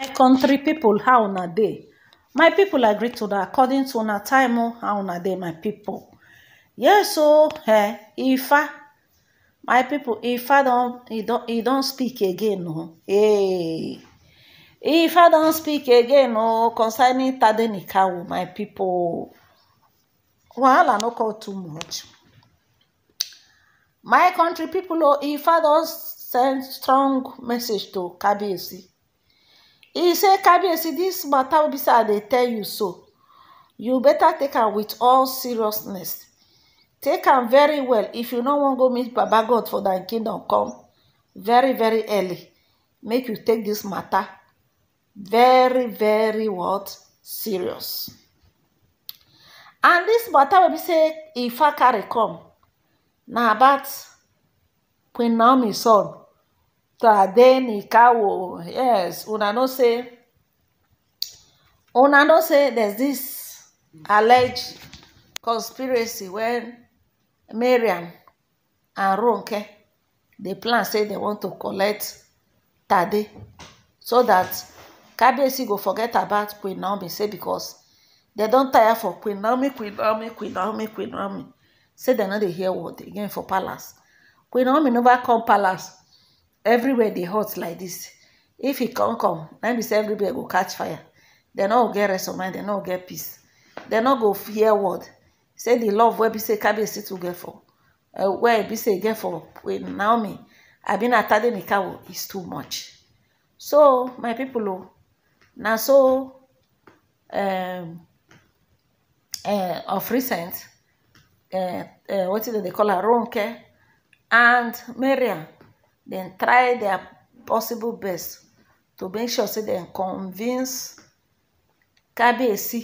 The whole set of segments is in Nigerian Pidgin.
my country people how una dey my people i to that according to una time oh, how una dey my people yes o oh, eh ifa my people ifa don e don e don speak again o oh. hey ifa don speak again o concerning tadenikawo my people wahala no call too much my country people o ifa don send strong message to kabiyesi e say kabiyesi dis matter wey be say i dey tell you so you better take am with all seriousness take am very well if you no wan go meet baba god for thy kingdom come very very early make you take this matter very very what serious and this matter wey be say ifa carry come na about queen naomi son tadeni kawo yes una know say una know say there's this alleged conspiracy when mariam and ronke the plan say they want to collect tade so that kabiyesi go forget about queen naomi say because they don't tire for queen naomi queen naomi queen naomi queen naomi say dem no dey hear word again for palace queen naomi never come palace everywhere dey hot like this. if e come come na be say everywhere go catch fire They no get rest of mind They no get peace They no go hear word say di love wey be say kabiyesi too get for eh, Where be say e get for with naomi abinata adenikawo is too much so my people o na so um, uh, of recent uh, uh, wetin dem dey call her ronke and Maria. dem try their possible best to make sure say dem convince kabeisi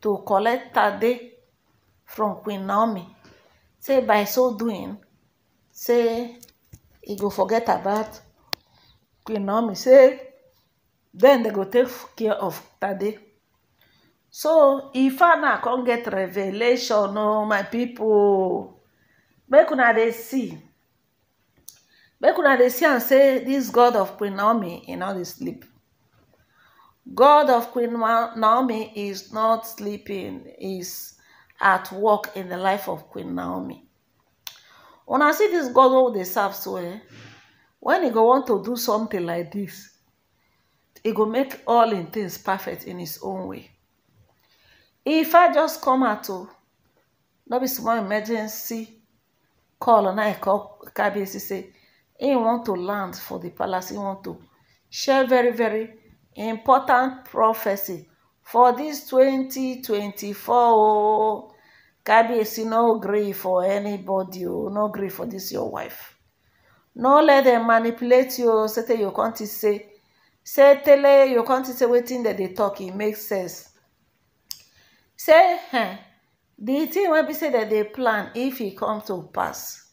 to collect tade from queen nomi say by so doing say e go forget about queen nomi say then dey go take care of tade so if farmer come get revelation oh my pipo make una dey see. make una dey see am say this god of queen naomi e no dey sleep god of queen naomi is not sleeping is at work in the life of queen naomi una see this god wey we dey serve so eh wen e go want to do something like this, e go make all im things perfect in his own way If I just come out o oh, no be small emergency call na I call kabiyesi say he want to land for the palace he want to share very very important prophecy for this 2024 ooo kabiyesi no gree for anybody ooo oh. no gree for this your wife no let dem manipulate you ooo oh. sete you come think say say tele you come think say wetin dem dey talk e make sense say um, eh, the thing wey be say dem dey plan if e come to pass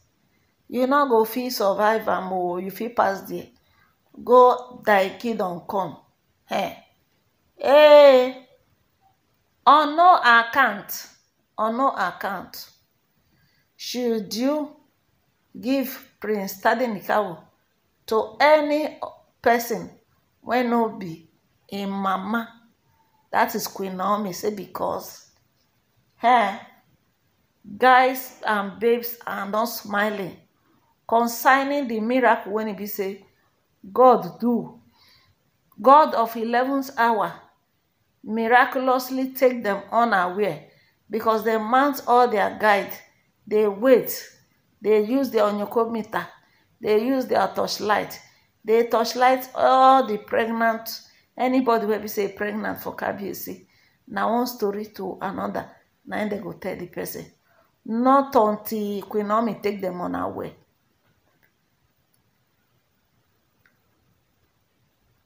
you no go fit survive am o you fit pass there go thy kingdom come eh hey. Eh. on no account on no account should you give prince tadenikawo to any person wey no be im mama that is queen naomi say because eh guys and babes are not smiling concerning the miracle when e be say god do god of 11th hour miraculously take them unaware because they mount all their guide they wait they use dia meter, they use their torchlight they torchlight all the pregnant anybody wey be say pregnant for kabiyesi Now one story to another, now im dem go tell the person not until queen naomi take them unaware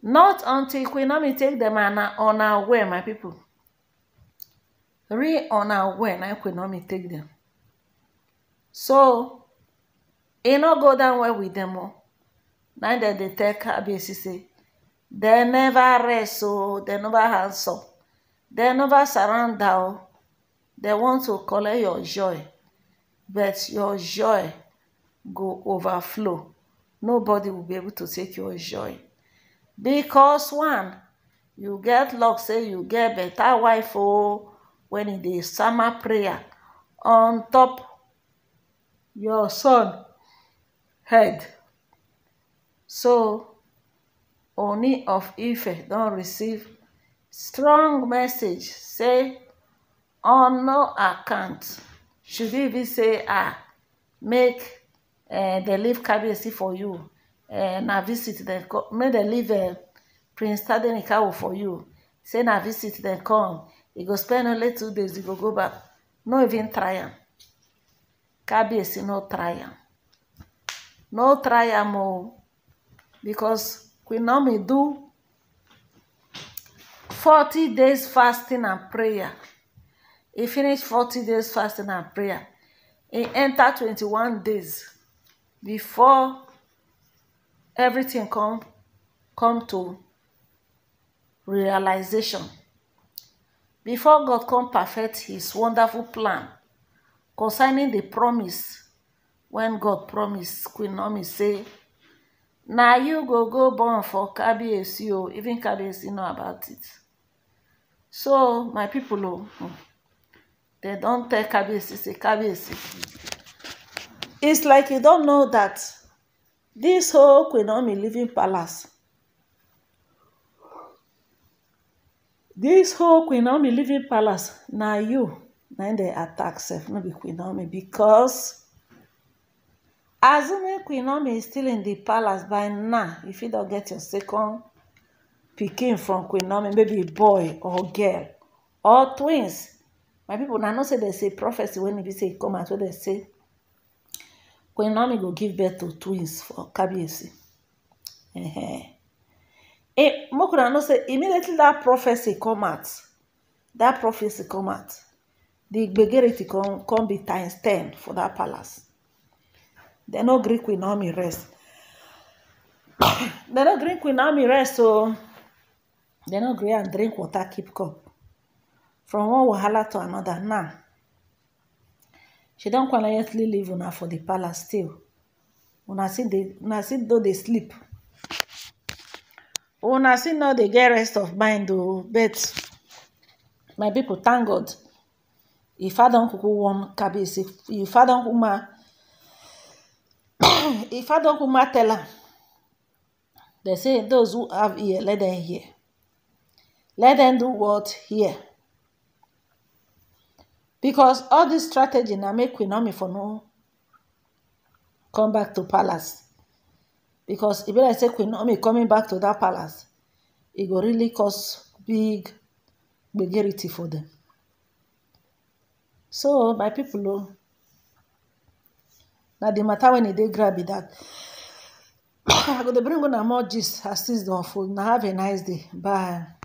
not until queen naomi take them and her way my people. Re on her way na take them. so e no go down well with dem o na dem dey tell say dem never rest so oh. they never hands They never surround down oh. They want to collect your joy but your joy go overflow nobody will be able to take your joy because one you get luck say you get better wife o oh, when e dey sama prayer on top your son head so oni of ife don receive strong message say on no account should e be say ah make dem eh, leave kabiyesi for you Eh, na visit dem make dem leave eh, prince tadenikawo for you say na visit dem come e go spend only two days e go go back no even try am kabiyesi no try am no try am o oh. because queen naomi do forty days fasting and prayer e finish forty days fasting and prayer e enter twenty-one days before everything come come to realization before god come perfect his wonderful plan concerning the promise when god promise queen naomi say na you go go born for kabiyesi o even kabiyesi know about it so my people o oh, dem don tell kabiyesi say kabiyesi it's like you don know that This whole Queen Naomi living palace. This whole Queen Naomi living palace, Now you, na they attack sef, not be Queen Naomi, because assuming Queen Naomi is still in the palace by now, you fit don get your second picking from Queen Naomi, maybe boy or girl or twins. My people, now know say they say prophecy when if e be say e come out, so they say queen naomi go give birth to twins for eh? make una no say immediately that prophecy come out that prophecy come out di gbegerity come come be times ten for that palace They no gree queen naomi rest They no gree queen naomi rest so they no gree and drink water keep cup from one wahala to another now she don quietly leave una for di palace still una still no dey sleep una still no dey get rest of mind o but my pipo thank god if adanku wan kabir is if adanku kuma if adanku kuma tell am dem say those who have ear let dem hear let dem do what here. because all dis strategy na make queen naomi for no come back to palace because e be like say queen naomi coming back to that palace e go really cause big gbegerity for them. so my people, o oh, na di mata wen e dey grab be dat i go dey bring una more gist as dis don full na have a nice day bye